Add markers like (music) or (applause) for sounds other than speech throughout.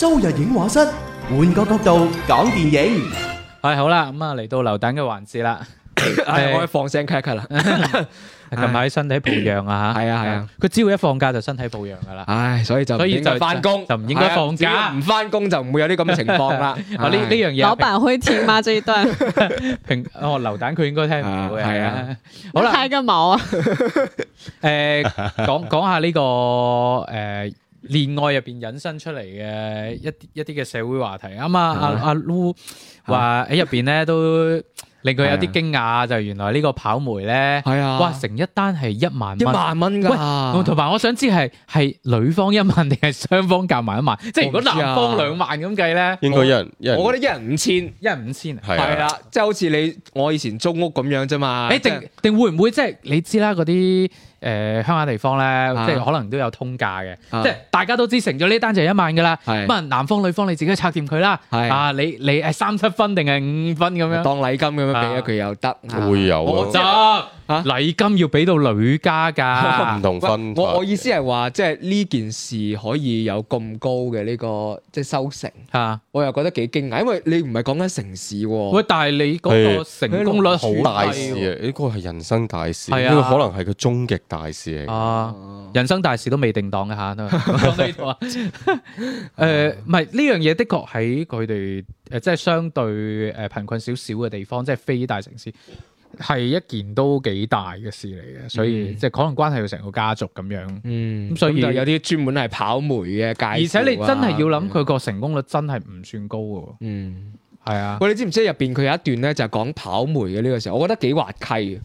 周日影畫室換個角度講電影，係好啦，咁啊嚟到流蛋嘅環節啦，係我放聲咳咳啦，近排身體抱恙啊吓，係啊係啊，佢只要一放假就身體抱恙噶啦，唉，所以就所以就翻工就唔應該放假，唔翻工就唔會有呢咁嘅情況啦。呢呢樣嘢老闆會聽嗎？這一段平哦，流蛋佢應該聽唔會係啊。好啦，開個毛啊，誒，講講下呢個誒。戀愛入邊引申出嚟嘅一啲一啲嘅社會話題，咁嘛？阿阿 Lu 話喺入邊咧都令佢有啲驚訝，就原來呢個跑媒咧，哇成一單係一萬蚊，一萬蚊噶。喂，同埋我想知係係女方一萬定係雙方夾埋一萬？即係如果男方兩萬咁計咧，應該一人一人，我覺得一人五千，一人五千啊，係啦，即係好似你我以前租屋咁樣啫嘛。你定定會唔會即係你知啦嗰啲？誒鄉下地方咧，即係可能都有通價嘅，即係大家都知成咗呢單就係一萬㗎啦。咁啊，男方女方你自己拆掂佢啦。係啊，你你誒三七分定係五分咁樣，當禮金咁樣俾咗佢又得。會有啊，禮金要俾到女家㗎。唔同分。我我意思係話，即係呢件事可以有咁高嘅呢個即係收成。嚇，我又覺得幾驚訝，因為你唔係講緊城市喎。喂，但係你嗰個成功率好大事啊，呢個係人生大事，呢個可能係個終極。大事嚟啊！哦、人生大事都未定檔嘅下，講呢度啊。誒，唔係呢樣嘢，的確喺佢哋誒，即係相對誒貧困少少嘅地方，即係非大城市，係一件都幾大嘅事嚟嘅。所以、嗯、即係可能關係到成個家族咁樣。嗯，咁所以有啲專門係跑媒嘅界。以而且你真係要諗佢個成功率真係唔算高嘅。嗯。嗯係啊，我你知唔知入邊佢有一段咧，就講跑媒嘅呢個時候，我覺得幾滑稽嘅，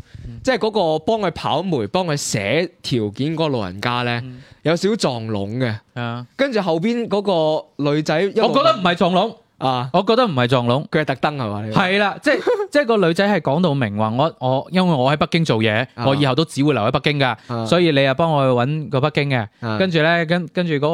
即係嗰個幫佢跑媒、幫佢寫條件嗰個老人家咧，有少少撞聾嘅，跟住後邊嗰個女仔，啊，我覺得唔係撞聾。啊！我覺得唔係撞龍，佢係特登係嘛？係啦說，的即係 (laughs) 即係個女仔係講到明話，我我因為我喺北京做嘢，啊、我以後都只會留喺北京噶，啊、所以你呀幫我去揾個北京嘅、啊。跟住咧，跟跟住嗰個、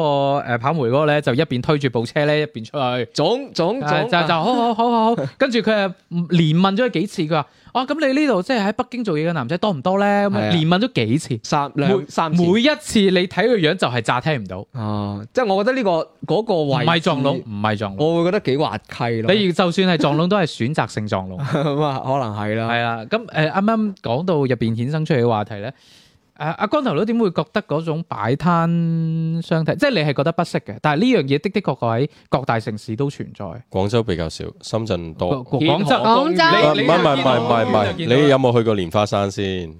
呃、跑梅嗰個咧，就一邊推住部車咧，一邊出去，總總總就就，就好好好好好。 (laughs) 跟住佢係連問咗幾次，佢話。啊，咁你呢度即係喺北京做嘢嘅男仔多唔多咧？啊、連問咗幾次，三兩，每三次每一次你睇佢樣就係詐聽唔到。哦、嗯，即係我覺得呢、呢個嗰、嗰個位唔係撞聾，唔係撞聾，我會覺得幾滑稽咯。比如就算係撞聾， (laughs) 都係選擇性撞聾，咁啊 (laughs) 可能係啦。係啦、啊，咁誒啱啱講到入邊衍生出嚟嘅話題咧。誒阿、啊、光頭佬點會覺得嗰種擺攤相睇，即係你係覺得不適嘅，但係呢樣嘢的的確確喺各大城市都存在。廣州比較少，深圳多。廣州，廣州，唔係唔係唔係唔係，你有冇、啊、去過蓮花山先？誒，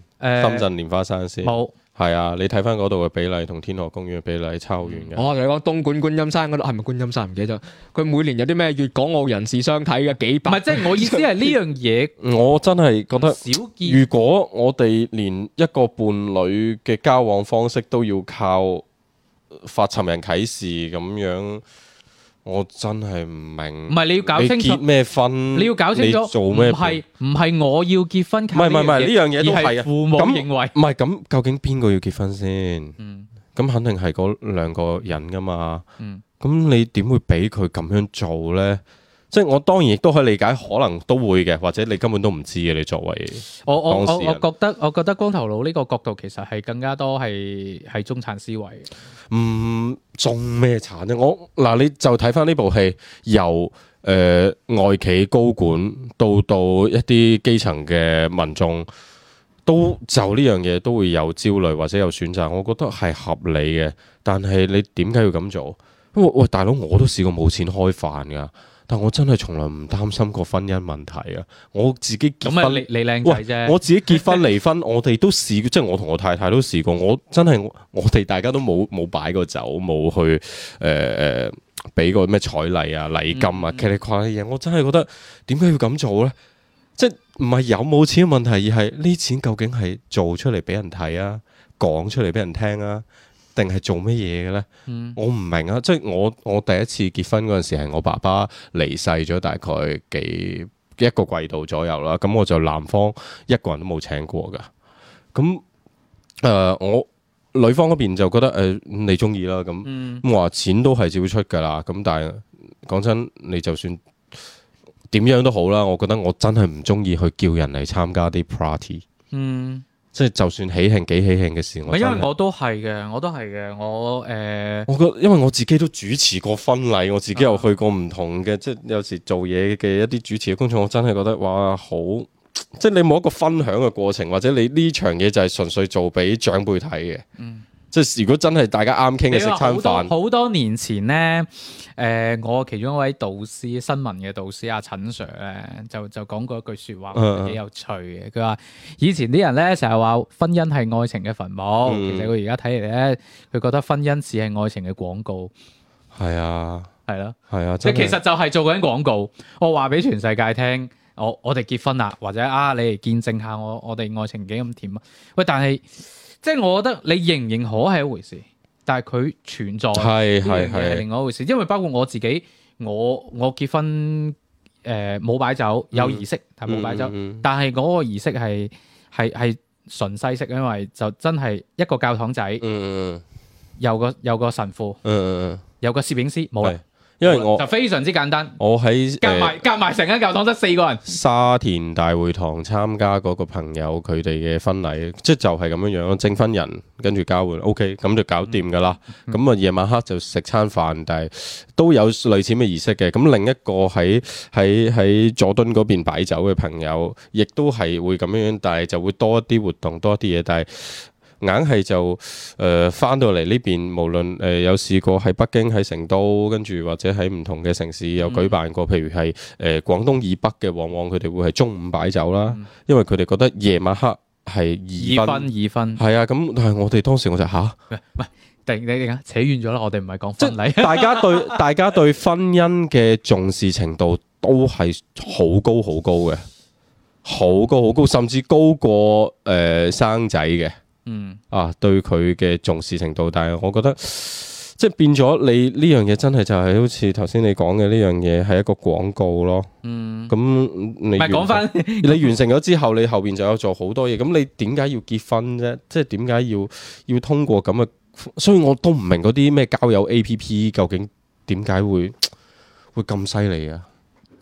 深圳蓮花山先冇。呃係啊，你睇翻嗰度嘅比例同天河公園嘅比例差好遠嘅。我同、哦、你講，東莞觀音山嗰度係咪觀音山，唔記得佢每年有啲咩粵港澳人士相睇嘅幾百。唔係，即係我意思係呢 (laughs) 樣嘢。我真係覺得少見。如果我哋連一個伴侶嘅交往方式都要靠發尋人啟示咁樣。我真係唔明，唔係你要搞清楚結咩婚，你要搞清楚做咩，唔係唔係我要結婚，唔係唔係呢樣嘢都係父母認為，唔係咁究竟邊個要結婚先？嗯，咁肯定係嗰兩個人噶嘛，嗯，咁你點會俾佢咁樣做咧？即係我當然亦都可以理解，可能都會嘅，或者你根本都唔知嘅。你作為我我我覺得，我覺得光頭佬呢個角度其實係更加多係係中產思維。唔中咩產呢？我嗱、啊，你就睇返呢部戲，由誒、呃、外企高管到到一啲基層嘅民眾，都就呢樣嘢都會有焦慮或者有選擇。我覺得係合理嘅，但係你點解要咁做？喂，大佬，我都試過冇錢開飯㗎。但我真係從來唔擔心過婚姻問題啊！我自己咁啊，你你靚仔啫。喂，我自己結婚離婚， (laughs) 我哋都試過，即係我同我太太都試過。我真係我哋大家都冇冇擺過酒，冇去誒誒，俾過咩彩禮啊、禮金啊，茄麗垮啲嘢。我真係覺得點解要咁做咧？即係唔係有冇錢嘅問題，而係呢錢究竟係做出嚟俾人睇啊，講出嚟俾人聽啊？定係做乜嘢嘅咧？呢嗯、我唔明啊！即係我我第一次結婚嗰陣時，係我爸爸離世咗，大概幾一個季度左右啦。咁我就男方一個人都冇請過噶。咁誒、呃，我女方嗰邊就覺得誒、呃，你中意啦。咁咁話錢都係照出噶啦。咁但係講真，你就算點樣都好啦，我覺得我真係唔中意去叫人嚟參加啲 party。嗯。即係就算喜慶幾喜慶嘅事，我因為我都係嘅，我都係嘅，我誒，呃、我覺得因為我自己都主持過婚禮，我自己又去過唔同嘅，嗯、即係有時做嘢嘅一啲主持嘅工作，我真係覺得哇好，即係你冇一個分享嘅過程，或者你呢場嘢就係純粹做俾長輩睇嘅。嗯。即係如果真係大家啱傾嘅時候，好多，飯多年前咧，誒、呃、我其中一位導師新聞嘅導師阿陳 Sir 咧，就就講過一句説話幾有趣嘅，佢話、啊、以前啲人咧成日話婚姻係愛情嘅墳墓，嗯、其實佢而家睇嚟咧，佢覺得婚姻似係愛情嘅廣告。係啊，係啦，係啊，即係其實就係做緊廣告。我話俾全世界聽，我我哋結婚啦，或者啊你嚟見證下我我哋愛情幾咁甜啊！喂，但係。但即係我覺得你認唔認可係一回事，但係佢存在呢樣嘢係另外一回事。係係係，因為包括我自己，我我結婚誒，冇擺酒，有儀式但冇擺酒。但係嗰個儀式係係係純西式，因為就真係一個教堂仔，有個有個神父，有個攝影師冇。因為我就非常之簡單，我喺夾埋夾埋成間教堂得四個人，沙田大會堂參加嗰個朋友佢哋嘅婚禮，即就係咁樣樣，證婚人跟住交換，OK，咁就搞掂噶啦。咁啊夜晚黑就食餐飯，但係都有類似咩儀式嘅。咁另一個喺喺喺佐敦嗰邊擺酒嘅朋友，亦都係會咁樣樣，但係就會多一啲活動，多一啲嘢，但係。硬係就誒翻到嚟呢邊，無論誒有試過喺北京、喺成都，跟住或者喺唔同嘅城市有舉辦過。譬如係誒廣東以北嘅，往往佢哋會係中午擺酒啦，因為佢哋覺得夜晚黑係二婚二婚係啊。咁但係我哋當時我就嚇，唔係突然間扯遠咗啦。我哋唔係講婚禮，大家對， (laughs) 大家對大家對婚姻嘅重視程度都係好高好高嘅，好高好高，甚至高過誒、呃、生仔嘅。嗯，啊，對佢嘅重視程度，但係我覺得即係變咗你呢樣嘢，真係就係好似頭先你講嘅呢樣嘢，係一個廣告咯。嗯，咁你咪講翻，你完成咗之後， (laughs) 你後邊就有做好多嘢。咁你點解要結婚啫？即係點解要要通過咁嘅？所以我都唔明嗰啲咩交友 APP 究竟點解會會咁犀利啊？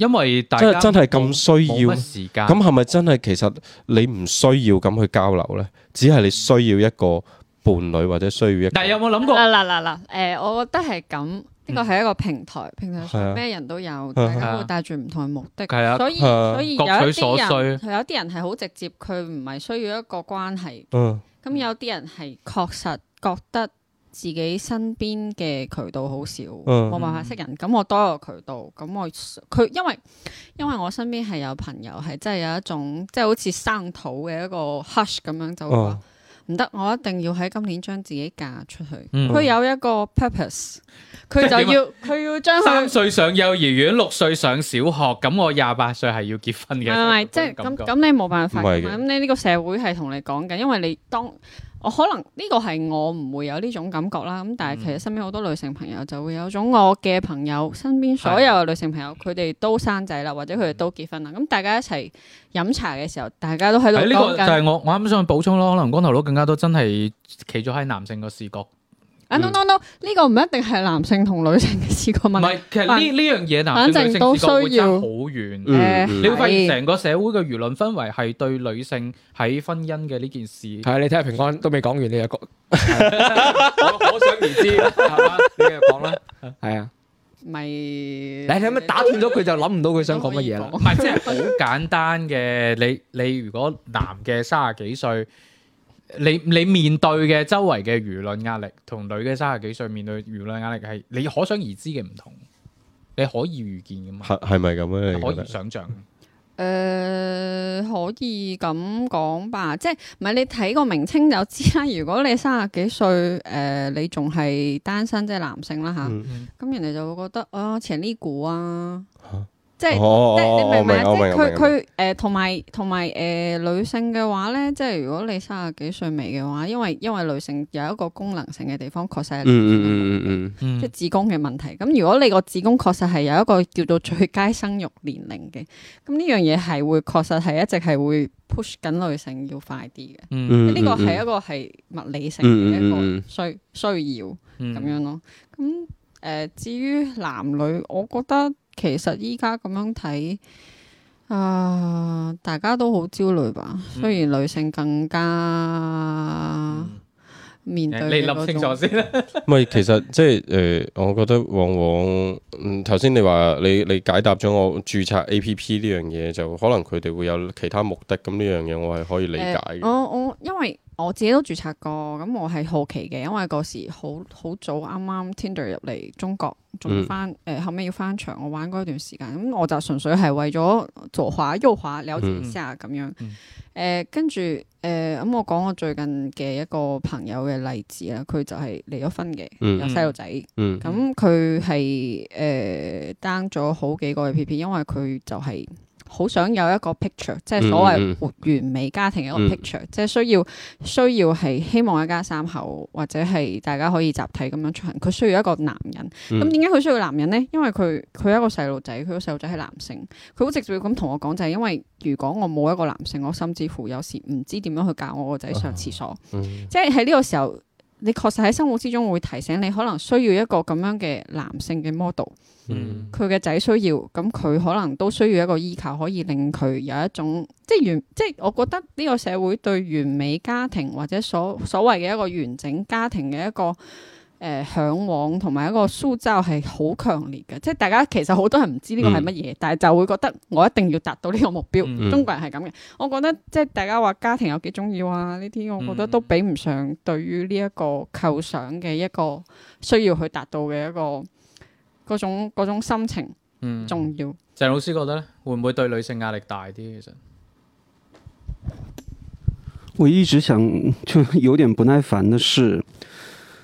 因為大真真係咁需要時間，咁係咪真係其實你唔需要咁去交流？呢，只係你需要一個伴侶或者需要一個，但有冇諗過？嗱嗱嗱嗱，誒、啊啊，我覺得係咁，呢個係一個平台，嗯、平台上咩人都有，啊、大家會帶住唔同嘅目的，啊、所以所以有一啲人，有啲人係好直接，佢唔係需要一個關係，咁、嗯、有啲人係確實覺得。自己身邊嘅渠道好少，冇、嗯、辦法識人。咁我多個渠道，咁我佢因為因為我身邊係有朋友係真係有一種即係好似生土嘅一個 hush 咁樣，就話唔得，我一定要喺今年將自己嫁出去。佢、嗯、有一個 purpose，佢就要佢要將三歲上幼兒園，六歲上小學，咁我廿八歲係要結婚嘅。係咪、嗯？即係咁咁，那那你冇辦法嘅嘛？咁你呢個社會係同你講緊，因為你當。我可能呢個係我唔會有呢種感覺啦，咁但係其實身邊好多女性朋友就會有種我嘅朋友身邊所有女性朋友佢哋都生仔啦，或者佢哋都結婚啦，咁大家一齊飲茶嘅時候，大家都喺度講緊。呢個就係我我啱啱想補充咯，可能光頭佬更加多真係企咗喺男性嘅視角。啊，no no no，呢個唔一定係男性同女性嘅視覺問題。唔係，其實呢，呢樣嘢男性女性視覺會爭好遠嘅。你會發現成個社會嘅輿論氛圍係對女性喺婚姻嘅呢件事。係啊，你睇下平哥都未講完，你又講。可想而知，你繼續講啦。係啊，咪你你，咁樣打斷咗佢就諗唔到佢想講乜嘢啦。唔係，即係好簡單嘅，你，你如果男嘅三十幾歲。你你面對嘅周圍嘅輿論壓力，同女嘅三十幾歲面對輿論壓力係你可想而知嘅唔同，你可以預見嘅嘛？係咪咁啊？可以想像，誒可以咁講吧，即係唔係你睇個名稱就知啦。如果你三十幾歲，誒、呃、你仲係單身即係、就是、男性啦吓，咁、啊嗯嗯、人哋就會覺得啊，前、哦、呢股啊。即係你明唔、哦哦、明即佢佢誒同埋同埋誒女性嘅話咧，即係如果你三十幾歲未嘅話，因為因為女性有一個功能性嘅地方確實係，即係子宮嘅問題。咁如果你個子宮確實係有一個叫做最佳生育年齡嘅，咁呢樣嘢係會確實係一直係會 push 緊女性要快啲嘅。呢、嗯嗯、個係一個係物理性嘅一個需需要咁、嗯嗯嗯嗯、樣咯。咁誒、呃、至於男女，我覺得。其實依家咁樣睇，啊、呃，大家都好焦慮吧？嗯、雖然女性更加面對、嗯，你諗清楚先啦。唔係，其實即係誒，我覺得往往，嗯，頭先你話你你解答咗我註冊 APP 呢樣嘢，就可能佢哋會有其他目的。咁呢樣嘢我係可以理解嘅、呃。我我因為。我自己都註冊過，咁我係好奇嘅，因為嗰時好好早，啱啱 Tinder 入嚟中國，仲要翻誒、嗯呃、後尾要翻牆，我玩嗰段時間，咁、嗯、我就純粹係為咗左滑右滑，瞭解一下咁樣。誒、嗯呃，跟住誒，咁、呃、我講我最近嘅一個朋友嘅例子啦，佢就係離咗婚嘅，有細路仔，咁佢係 down 咗好幾個 APP P P，因為佢就係、是。好想有一個 picture，即係所謂完美家庭嘅一個 picture、嗯嗯、即係需要需要係希望一家三口或者係大家可以集體咁樣出行。佢需要一個男人，咁點解佢需要男人呢？因為佢佢一個細路仔，佢個細路仔係男性，佢好直接咁同我講就係、是、因為如果我冇一個男性，我甚至乎有時唔知點樣去教我個仔上廁所，啊嗯、即係喺呢個時候。你確實喺生活之中會提醒你，可能需要一個咁樣嘅男性嘅 model。嗯，佢嘅仔需要，咁佢可能都需要一個依靠，可以令佢有一種即係完，即係我覺得呢個社會對完美家庭或者所所謂嘅一個完整家庭嘅一個。誒嚮、呃、往同埋一個塑造係好強烈嘅，即係大家其實好多人唔知呢個係乜嘢，嗯、但係就會覺得我一定要達到呢個目標。嗯、中國人係咁嘅，我覺得即係大家話家庭有幾重要啊？呢啲我覺得都比唔上對於呢一個構想嘅一個需要去達到嘅一個嗰種嗰種心情重要。鄭、嗯、老師覺得咧，會唔會對女性壓力大啲？其實我一直想，就有點不耐煩的是。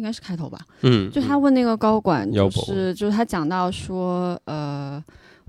應該是開頭吧。嗯，就他問那個高管，就是，就是就他講到說，呃。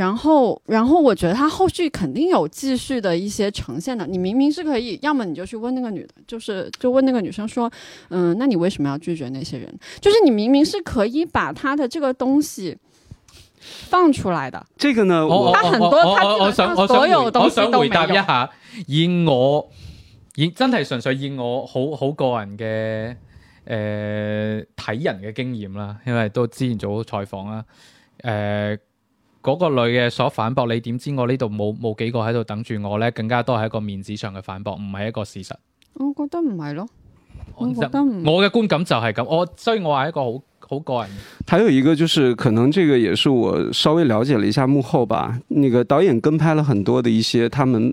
然後，然後我覺得他後續肯定有繼續的一些呈現的。你明明是可以，要麼你就去問那個女的，就是就問那個女生說，嗯、呃，那你為什麼要拒絕那些人？就是你明明是可以把他的這個東西放出來的。這個呢，他很多我我我我想我想我想回答一下，以我以真係純粹以我好好、好個人嘅，誒睇人嘅經驗啦，因為都之前做過採訪啦，誒、呃。呃嗰個女嘅所反駁，你點知我，我呢度冇冇幾個喺度等住我咧？更加多係一個面子上嘅反駁，唔係一個事實。我覺得唔係咯，我覺得唔係。我嘅觀感就係咁。我雖然我係一個好好個人。還有一個就是可能這個也是我稍微了解了一下幕後吧。那個導演跟拍了很多的一些他們。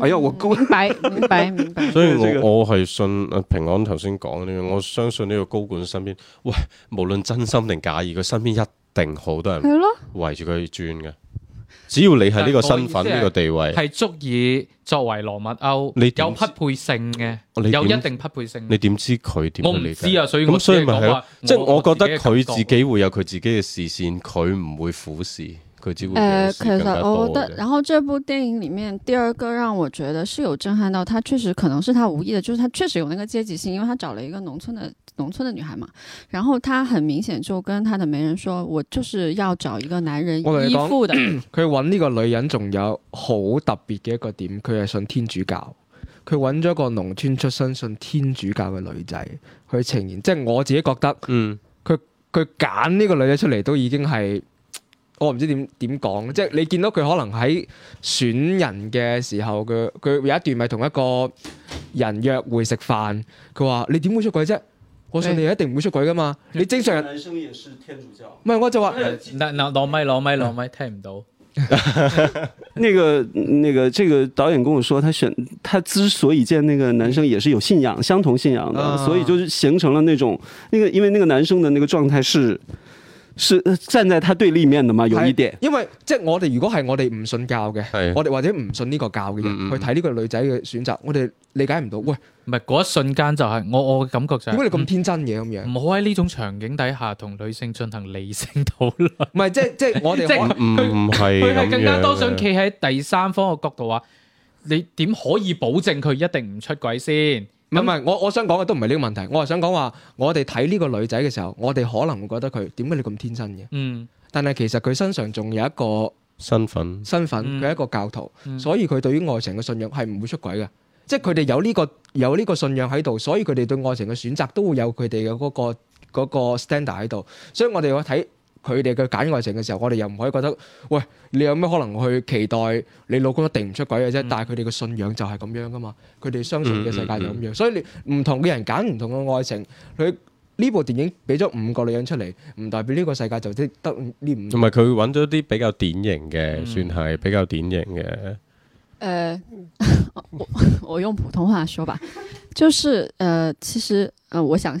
哎呀，我高明白，明白，明白 (laughs) 所以我我係信平安頭先講呢樣，我相信呢個高管身邊，喂，無論真心定假意，佢身邊一定好多人係咯，圍住佢轉嘅。只要你係呢個身份呢個地位，係足以作為羅密歐，你有匹配性嘅，有一定匹配性。你點知佢點？我唔知啊，所以咁所以咪係咯，即係我，我，我覺得佢自，自己會有佢自己嘅視線，佢唔會俯視。只會誒，其實我覺得，然後這部電影裏面第二個讓我覺得是有震撼到，他確實可能是他無意的，就是他確實有那個階級性，因為他找了一個農村的農村的女孩嘛。然後他很明顯就跟他的媒人說，我就是要找一個男人依附的。佢揾呢個女人仲有好特別嘅一個點，佢係信天主教。佢揾咗一個農村出身信天主教嘅女仔去呈現，即係我自己覺得，嗯，佢佢揀呢個女仔出嚟都已經係。我唔知點點講，即係你見到佢可能喺選人嘅時候，佢佢有一段咪同一個人約會食飯，佢話：你點會出軌啫？我想你一定唔會出軌噶嘛！你正常男生人也是天主教，唔係我就話，嗱嗱攞咪攞咪攞咪，聽唔到。那個那個這個導演跟我講，他選他之所以見那個男生也是有信仰，相同信仰的，所以就形成了那種那個，因為那個男生的那個狀態是。是站在他對立面的嘛，有一點。因為即係我哋如果係我哋唔信教嘅，我哋或者唔信呢個教嘅人去睇呢個女仔嘅選擇，我哋理解唔到。喂，唔係嗰一瞬間就係我我嘅感覺就係。點解你咁天真嘅咁樣？唔好喺呢種場景底下同女性進行理性討論。唔係即係即係我哋即係唔唔係。佢係更加多想企喺第三方嘅角度話，你點可以保證佢一定唔出軌先？唔係我我想講嘅都唔係呢個問題，我係想講話我哋睇呢個女仔嘅時候，我哋可能會覺得佢點解你咁天真嘅？嗯，但係其實佢身上仲有一個身份，身份分佢係一個教徒，所以佢對於愛情嘅信仰係唔會出軌嘅。嗯嗯、即係佢哋有呢、呢個有呢個信仰喺度，所以佢哋對愛情嘅選擇都會有佢哋嘅嗰個、嗰個、standard 喺度，所以我哋去睇，佢哋嘅揀愛情嘅時候，我哋又唔可以覺得，喂，你有咩可能去期待你老公一定唔出軌嘅啫？但係佢哋嘅信仰就係咁樣噶嘛，佢哋相信嘅世界就咁樣。嗯嗯嗯嗯所以你唔同嘅人揀唔同嘅愛情，佢呢部電影俾咗五個女人出嚟，唔代表呢個世界就即得呢五。同埋佢揾咗啲比較典型嘅，算係比較典型嘅。誒、嗯，我用普通話說吧，就是誒，其實我想一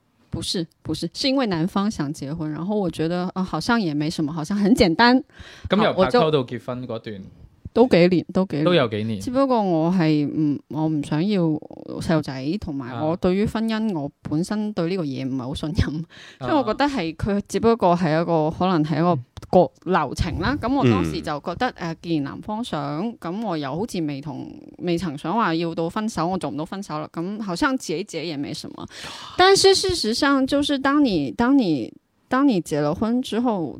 不是，不是，是因為男方想結婚，然後我覺得啊、呃，好像也沒什麼，好像很簡單。咁、嗯、好由拍拖到結婚嗰段。 (noise) 都幾年，都幾都有幾年。只不過我係唔，我唔想要細路仔，同埋我對於婚姻，啊、我本身對呢個嘢唔係好信任，啊、所以我覺得係佢只不過係一個可能係一個個流程啦。咁、嗯、我當時就覺得誒、啊，既然男方想，咁我又好似未同未曾想話要到分手，我做唔到分手啦。咁好像結一結也沒什麼。但是事實上，就是當你當你當你結了婚之後。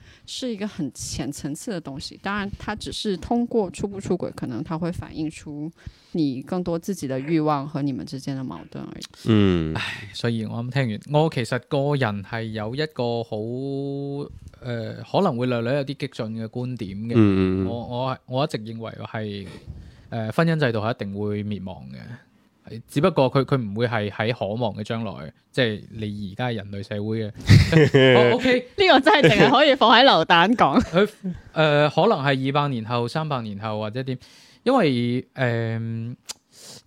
是一個很淺層次的東西，當然，它只是通過出不出軌，可能它會反映出你更多自己的欲望和你們之間的矛盾而已。嗯，唉，所以我啱聽完，我其實個人係有一個好誒、呃，可能會略略有啲激進嘅觀點嘅、嗯。我我我一直認為係誒、呃，婚姻制度係一定會滅亡嘅。只不過佢佢唔會係喺可望嘅將來，即係你而家係人類社會嘅。O K，呢個真係淨係可以放喺流蛋講。佢誒，可能係二百年後、三百年後或者點？因為誒，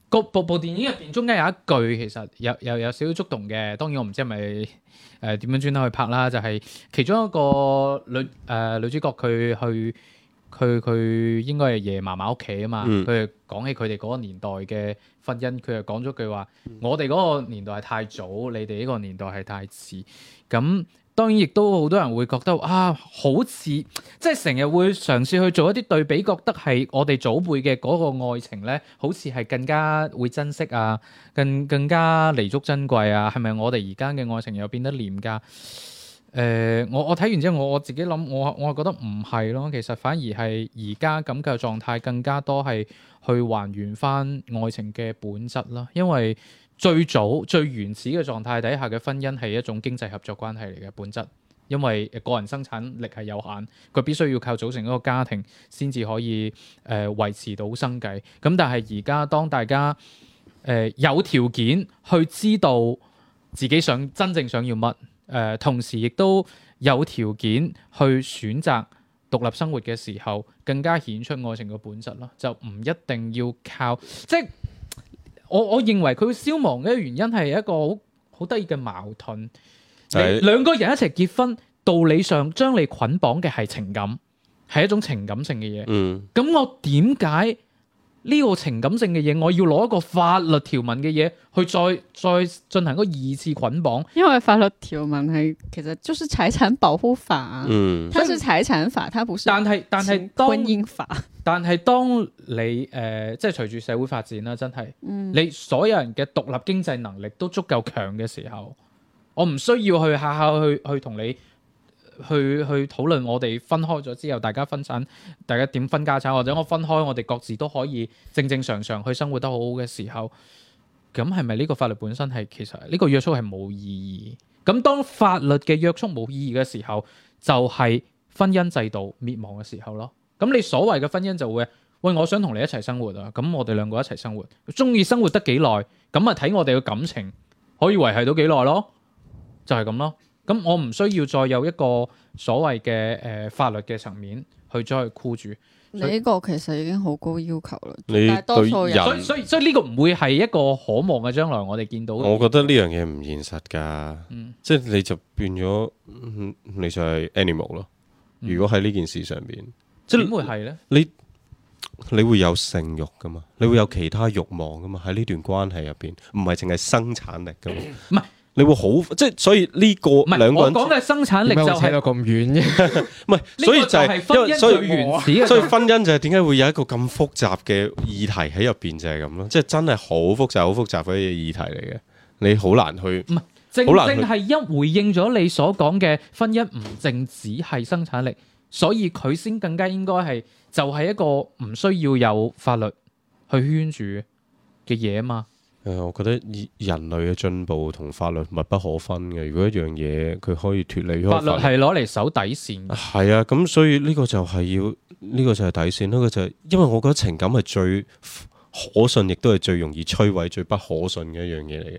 部部電影入邊中間有一句，其實又又有少少觸動嘅。當然我唔知係咪誒點樣專登去拍啦，就係其中一個女誒女主角佢去。佢佢應該係爺爺嫲嫲屋企啊嘛，佢哋講起佢哋嗰個年代嘅婚姻，佢又講咗句話：嗯、我哋嗰個年代係太早，你哋呢個年代係太遲。咁當然亦都好多人會覺得啊，好似即係成日會嘗試去做一啲對比，覺得係我哋祖輩嘅嗰個愛情呢，好似係更加會珍惜啊，更更加彌足珍貴啊，係咪我哋而家嘅愛情又變得廉價？誒、呃，我我睇完之後，我我自己諗，我我覺得唔係咯。其實反而係而家咁嘅狀態更加多係去還原返愛情嘅本質啦。因為最早最原始嘅狀態底下嘅婚姻係一種經濟合作關係嚟嘅本質，因為個人生產力係有限，佢必須要靠組成一個家庭先至可以誒、呃、維持到生計。咁但係而家當大家誒、呃、有條件去知道自己想真正想要乜？誒、呃，同時亦都有條件去選擇獨立生活嘅時候，更加顯出愛情嘅本質咯。就唔一定要靠，即我我認為佢消亡嘅原因係一個好好得意嘅矛盾。兩兩是個人一齊結婚，道理上將你捆綁嘅係情感，係一種情感性嘅嘢。嗯，咁我點解？呢個情感性嘅嘢，我要攞一個法律條文嘅嘢去再再進行一個二次捆綁。因為法律條文係其實就是財產保護法，嗯，它是財產法，它不是，但是。但係但係婚姻法。但係當你誒即係隨住社會發展啦，真係，嗯，你所有人嘅獨立經濟能力都足夠強嘅時候，我唔需要去下下去去同你。去去討論我哋分開咗之後，大家分產，大家點分家產，或者我分開，我哋各自都可以正正常常去生活得好好嘅時候，咁係咪呢個法律本身係其實呢個約束係冇意義？咁當法律嘅約束冇意義嘅時候，就係婚姻制度滅亡嘅時候咯。咁你所謂嘅婚姻就會喂，我想同你一齊生活啊，咁我哋兩個一齊生活，中意生、生活得幾耐，咁啊睇我哋嘅感情可以維繫到幾耐咯，就係咁咯。咁我唔需要再有一個所謂嘅誒、呃、法律嘅層面去再箍住。你呢個其實已經好高要求啦，但係多數人。所以所以所以呢個唔會係一個可望嘅將來，我哋見到。我覺得呢樣嘢唔現實㗎，嗯、即係你就變咗、嗯、你就係 animal 咯。如果喺呢件事上邊，嗯、即係點會係咧？你你會有性慾㗎嘛？嗯、你會有其他慾望㗎嘛？喺呢段關係入邊，唔係淨係生產力㗎嘛？唔係、嗯。你會好即係，所以呢個兩個人我講嘅生產力就係到咁遠啫，唔係，所以就係因為所以原始，所以婚姻就係點解會有一個咁複雜嘅議題喺入邊就係咁咯， (laughs) 即係真係好複雜、好複雜嘅議題嚟嘅，你好難去唔係，正正係一回應咗你所講嘅婚姻唔淨止係生產力，所以佢先更加應該係就係、係、一個唔需要有法律去圈住嘅嘢啊嘛。誒，我覺得人類嘅進步同法律密不，不可分嘅。如果一樣嘢佢可以脱離，法律係攞嚟守底線。係啊，咁所以呢個就係要，呢、呢個就係底線啦。佢就係、係、因為我覺得情感係最可信，亦都係最容易摧毀、最不可信嘅一樣嘢嚟嘅。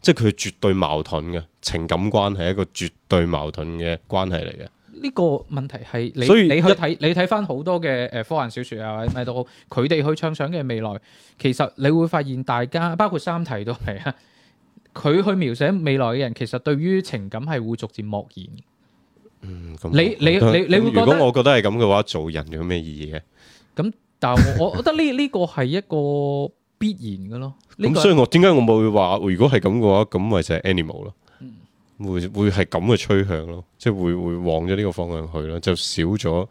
即係佢絕對矛盾嘅情感關係，一個絕對矛盾嘅關係嚟嘅。呢個問題係你，所以你去睇你睇返好多嘅誒，科幻小説啊，或者咩都好，佢哋去暢想嘅未來，其實你會發現大家包括三體都係啊，佢去描寫未來嘅人，其實對於情感係會逐漸漠然。嗯，你你 (laughs) 你，你會覺得如果我覺得係咁嘅話，做人有咩意義啊？咁但係我覺得呢呢 (laughs) 個係一個必然嘅咯。咁 (laughs) 所以我點解我冇會話？如果係咁嘅話，咁咪就係 animal 咯。會會係咁嘅趨向咯，即係會會往咗呢個方向去咯，就少咗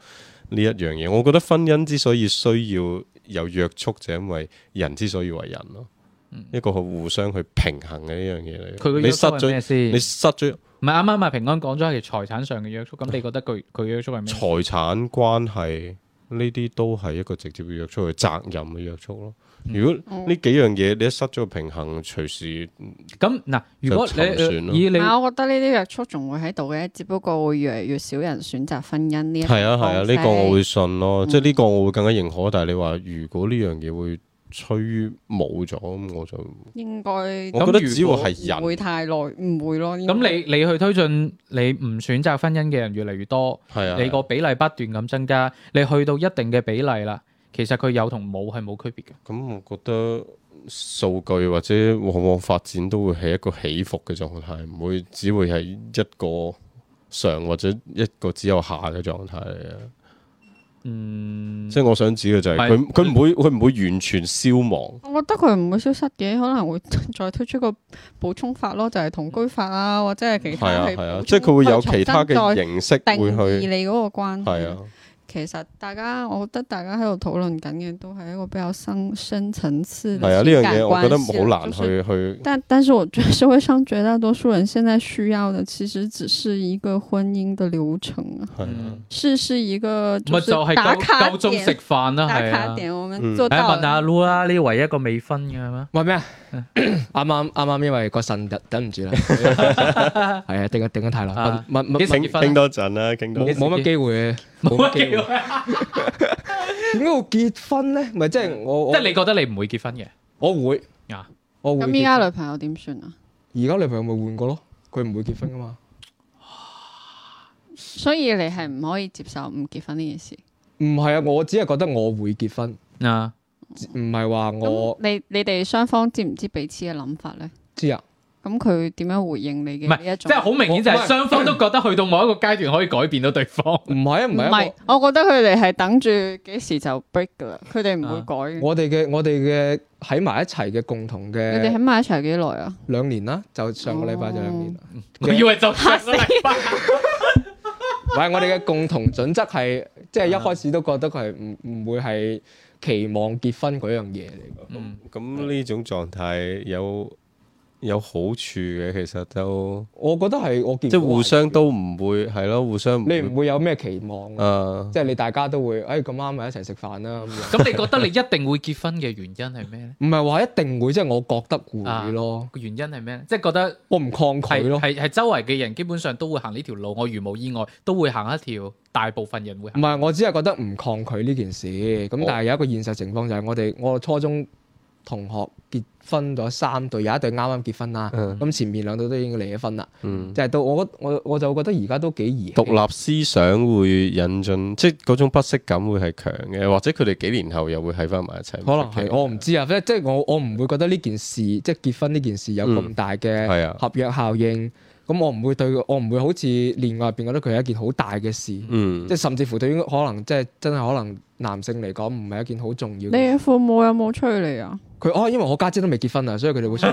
呢一樣嘢。我覺得婚姻之所以需要有約束，就因為人之所以為人咯，嗯、一個互相去平衡嘅呢樣嘢嚟。你失咗嘢先？你失咗，唔係啱啱咪平安講咗係財產上嘅約束，咁你覺得佢佢約束係咩？財產關係呢啲都係一個直接嘅約束嘅責任嘅約束咯。如果呢幾樣嘢、嗯、你一失咗個平衡，隨時咁嗱、嗯，如果你，但你我覺得呢啲約束仲會喺度嘅，只不過會越嚟越少人選擇婚姻呢？係啊係啊，呢、啊這個我會信咯，嗯、即係呢個我會更加認可。但係你話如果呢樣嘢會吹冇咗，我就應該該我覺得只會係人會太耐唔會咯。咁你你去推進你唔選擇婚姻嘅人越嚟越多，係啊的，你個的比例不斷咁增加，你去到一定嘅比例啦。其實佢有同冇係冇區別嘅。咁我覺得數據或者往往發展都會係一個起伏嘅狀態，唔會只會係一個上或者一個只有下嘅狀態嚟。嗯，即係我想指嘅就係佢佢唔會佢唔會完全消亡。我覺得佢唔會消失嘅，可能會再推出個補充法咯，就係、是、同居法啊，或者係其他係，即係佢會有其他嘅形式會去你嗰個關係啊。其實大家，我覺得大家喺度討論緊嘅都係一個比較深深層次嘅情感關係。但去。但是我覺得社會上絕大多數人現在需要嘅其實只是一個婚姻嘅流程啊，試試一個打卡點。高中食飯啦，係啊。問下阿 Lu 啦，呢唯一一個未婚嘅係嘛？問咩啊？啱啱啱啱，因為個腎等唔住啦。係啊，定定得太難。傾多陣啦，傾多冇乜機會，冇乜機會。點解會結婚呢？咪即係我，即係你覺得你唔會結婚嘅？我會啊，我會。咁而家女朋友點算啊？而家女朋友咪換過咯，佢唔會結婚噶嘛。所以你係唔可以接受唔結婚呢件事？唔係啊，我只係覺得我會結婚啊，唔係話我。你你哋雙方知唔知彼此嘅諗法呢？知啊。咁佢點樣回應你嘅？唔係，即係好明顯就係雙方都覺得去到某一個階段可以改變到對方。唔係啊，唔係。唔係，我覺得佢哋係等住幾時就 break 噶啦。佢哋唔會改、啊我。我哋嘅我哋嘅喺埋一齊嘅共同嘅。你哋喺埋一齊幾耐啊？兩年啦，就上個禮拜就兩年啦。佢、哦、的以為就差咗禮拜。唔係， (laughs) 我哋嘅共同準則係，即、就、係、是、一開始都覺得佢係唔唔會係期望結婚嗰樣嘢嚟噶。咁呢、嗯、種狀態有。有好處嘅，其實都我覺得係我即係互相都唔會係咯對，互相你唔會有咩期望啊！嗯、即係你大家都會誒咁啱咪一齊食飯啦咁。咁、嗯、你覺得你一定會結婚嘅原因係咩咧？唔係話一定會，即、就、係、是、我覺得會咯、啊。原因係咩？即係覺得我唔抗拒咯。係係周圍嘅人基本上都會行呢條路，我如無意外都會行一條。大部分人會行，唔係，我只係覺得唔抗拒呢件事。咁但係有一個現實情況就係、是、我哋我初中同學結。分咗三對，有一對啱啱結婚啦，咁、嗯、前面兩對都已經離咗婚啦。嗯、就係到我我我就覺得而家都幾易。獨立思想會引進，即係嗰種不適感會係強嘅，或者佢哋幾年後又會喺翻埋一齊。可能係以我唔知啊，即、就、係、是、我我唔會覺得呢件事，即、就、係、是、結婚呢件事有咁大嘅合約效應。咁、嗯啊、我唔會對，我唔會好似戀愛入邊覺得佢係一件好大嘅事。嗯、即係甚至乎對於，可能即係真係可能。男性嚟講唔係一件好重要嘅事。你父母有冇催你啊？佢哦，因為我家姐都未結婚啊，所以佢哋會催。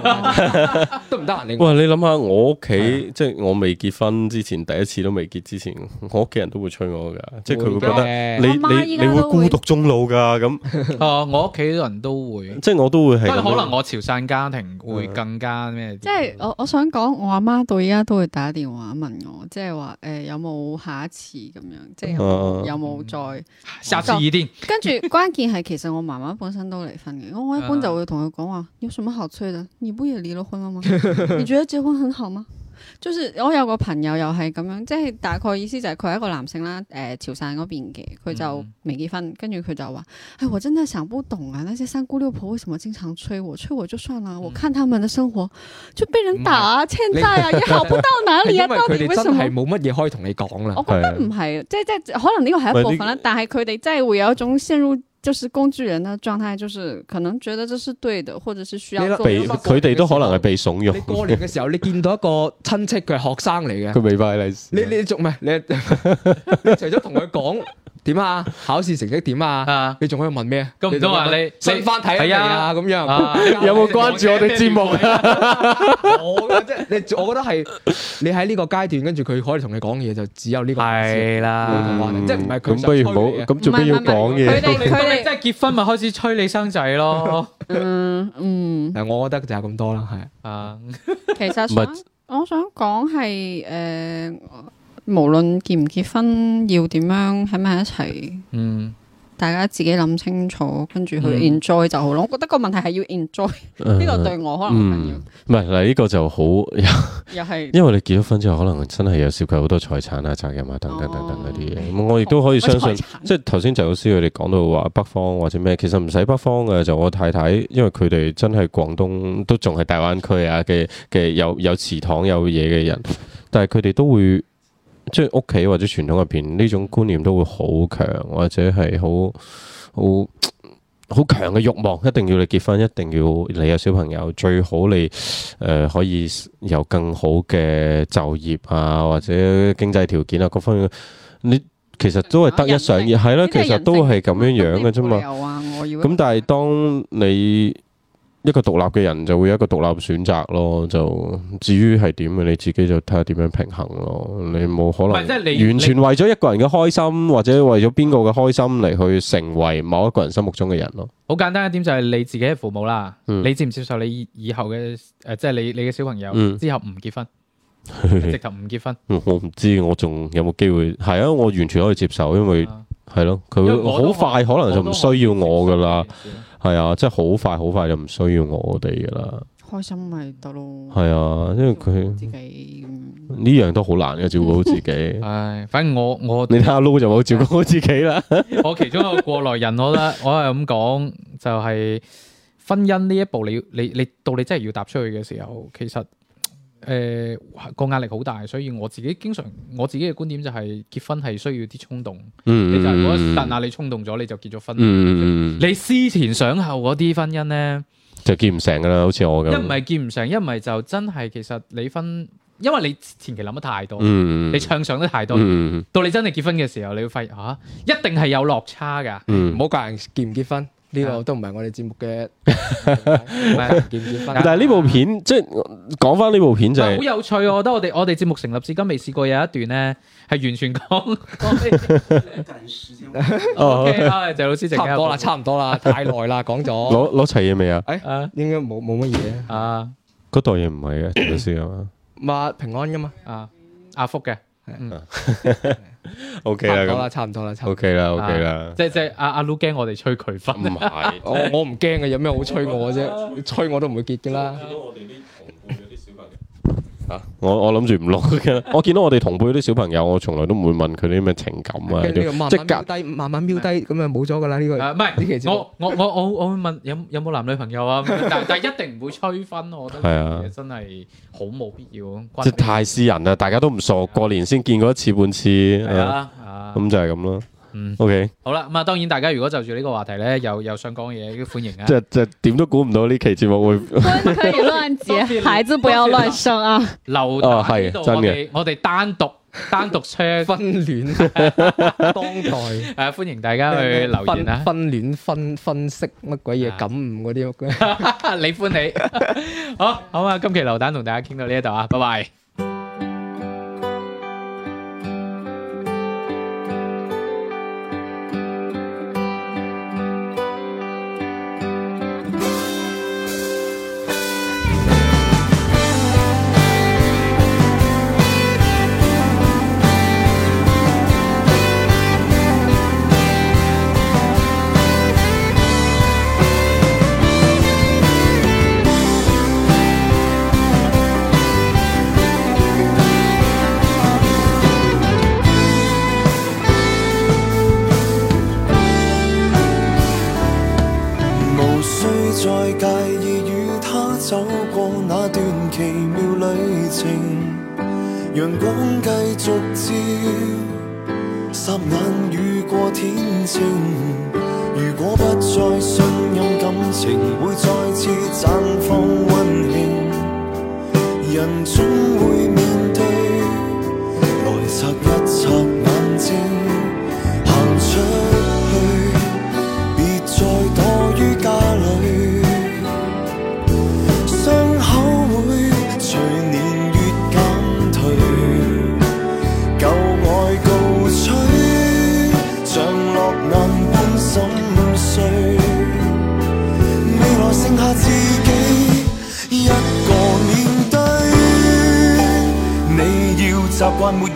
都唔得閒你。喂！你諗下我屋企，即係我未結婚之前，第一次都未結之前，我屋企人都會催我㗎。即係佢會覺得你你你會孤獨終老㗎咁。我屋企人都會，即係我都會係。不過可能我潮汕家庭會更加咩？即係我我想講，我阿媽到依家都會打電話問我，即係話誒有冇下一次咁樣，即係有冇再跟住關鍵係，其實我媽媽本身都離婚嘅， (laughs) 我一般就會同佢講話，有什麼好催的？你不也離了婚了嗎？你覺得結婚很好嗎？就是我有個朋友又係咁樣，即係大概意思就係佢係一個男性啦，誒、呃、潮汕嗰邊嘅，佢就未結婚，嗯、跟住佢就話，誒我真係想不懂啊，那些三姑六婆為什麼經常催我？催我就算了，嗯、我看他們的生活就被人打啊，欠債啊，是也好不到哪裏啊， (laughs) 到底為什麼？你真係冇乜嘢可以同你講啦。我覺得唔係的，即即可能呢個係一部分啦，但係佢哋真係會有一種陷入。就是工具人的狀態，就是可能覺得這是對的，或者是需要。你被佢哋都可能係被慫恿。你過年嘅時候，你見到一個親戚佢係學生嚟嘅，佢未發你你仲唔係？你你除咗同佢講。 (laughs) 點啊？考試成績點啊？你仲可以問咩？咁都話你，你翻睇嚟啊？咁樣有冇關注我哋節目？我嘅啫，你我覺得係你喺呢個階段，跟住佢可以同你講嘢，就只有呢個係啦，即係唔係咁不如好，咁做咩要講嘢。唔係唔係，佢哋佢哋即係結婚咪開始催你生仔咯？嗯嗯。嗱，我覺得就係咁多啦，係啊。其實我想講係誒。無論結唔結婚，要點樣喺埋一齊，嗯，大家自己諗清楚，跟住去 enjoy 就好咯。嗯、我覺得個問題係要 enjoy，呢、嗯、 (laughs) 個對我可能唔係嗱，呢、嗯嗯這個就好又又係， (laughs) (laughs) 因為你結咗婚之後，可能真係有涉及好多財產啊、責任啊等等等等嗰啲嘢。咁、哦嗯、我亦都可以相信，產即係頭先鄭老師佢哋講到話北方或者咩，其實唔使北方嘅就我太太，因為佢哋真係廣東，東都仲係大灣區啊嘅嘅有有祠堂有嘢嘅人，但係佢哋都會。即係屋企或者傳統入邊呢種觀念都會好強，或者係好好好強嘅慾望，一定要你結婚，一定要你有小朋友，最好你誒可以有更好嘅就業啊，或者經濟條件啊，各方面你其實都係得一上業係性啦，其實都係咁樣樣嘅啫嘛。咁已、啊、但係當你一個獨立嘅人就會有一個獨立選擇咯，就至於係點嘅你自己就睇下點樣平衡咯。你冇可能完全為咗一個人嘅開心，或者為咗邊個嘅開心嚟去成為某一個人心目中嘅人咯。好簡單一點就係你自己嘅父母啦，嗯、你接唔接受你以後嘅誒，即係你你嘅小朋友、嗯、之後唔結婚， (laughs) 直頭唔結婚？我唔知，我仲有冇機會？係啊，我完全可以接受，因為。係咯，佢會好快可能就唔需要我噶啦，係啊，即係好快好快就唔需要我哋噶啦。開心咪得咯。係啊，因為佢自己呢樣都好難嘅照顧好自己。唉、 (laughs) 哎，反正我我你睇下老就冇照顧好自己啦。 (laughs) 我其中一個過來人，我覺得， (laughs) 我係咁講，就係、是、婚姻呢一步，你你你，你到你真係要踏出去嘅時候，其實。誒，個壓、呃、力好大，所以我自己經常我自己嘅觀點就係結婚係需要啲衝動，你就嗰剎那你衝動咗你就結咗婚，你思前想後嗰啲婚姻呢，就結唔成噶啦，好似我咁，一唔係結唔成，一唔係就真係其實離婚，因為你前期諗得太多，嗯、你暢想得太多，嗯、到你真係結婚嘅時候，你會發現吓，一定係有落差噶，唔好、嗯嗯、怪人結唔結婚。呢個都唔係我哋節目嘅，結唔結婚？但係呢部片，即係講翻呢部片就係好有趣。我覺得我哋我哋節目成立至今未試過有一段咧，係完全講。OK 啦，鄭老師，差多啦，差唔多啦，太耐啦，講咗。攞攞齊嘢未啊？誒，應該冇冇乜嘢啊？嗰袋嘢唔係嘅，鄭老師啊嘛？唔係平安噶嘛？啊，阿福嘅。O K 啦，okay，差唔多啦，O that 差 K 啦，O K 啦，即係即係阿阿 Lu 驚我哋催佢分是，唔係 (laughs) ，我我唔驚嘅，有咩好催我嘅啫，催我都唔會結啦。 (music) 我我諗住唔錄嘅，我見到我哋同輩啲小朋友，我從來都唔會問佢啲咩情感啊，即係瞄低慢慢瞄低，咁就冇咗噶啦呢個。唔係呢期，我我我我我會問有有冇男女朋友啊， (laughs) 但但係一定唔會催婚，我覺得係啊，真係好冇必要。即係太私人啦、啊，大家都唔傻，啊、過年先見過一次半次，係啊，咁、啊啊嗯嗯、就係咁咯。嗯，OK，好啦，咁啊，當然大家如果就住呢個話題咧，又又想講嘢，都歡迎啊！即係即係點都估唔到呢期節目會……不可以亂講，孩子不要亂說啊！劉哦係真嘅，我哋單獨單獨 share 婚戀當代誒，歡迎大家去留言啊！婚戀分分析乜鬼嘢感悟嗰啲，你歡喜好好啊！今期流蛋同大家傾到呢一度啊，拜拜。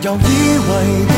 又以為。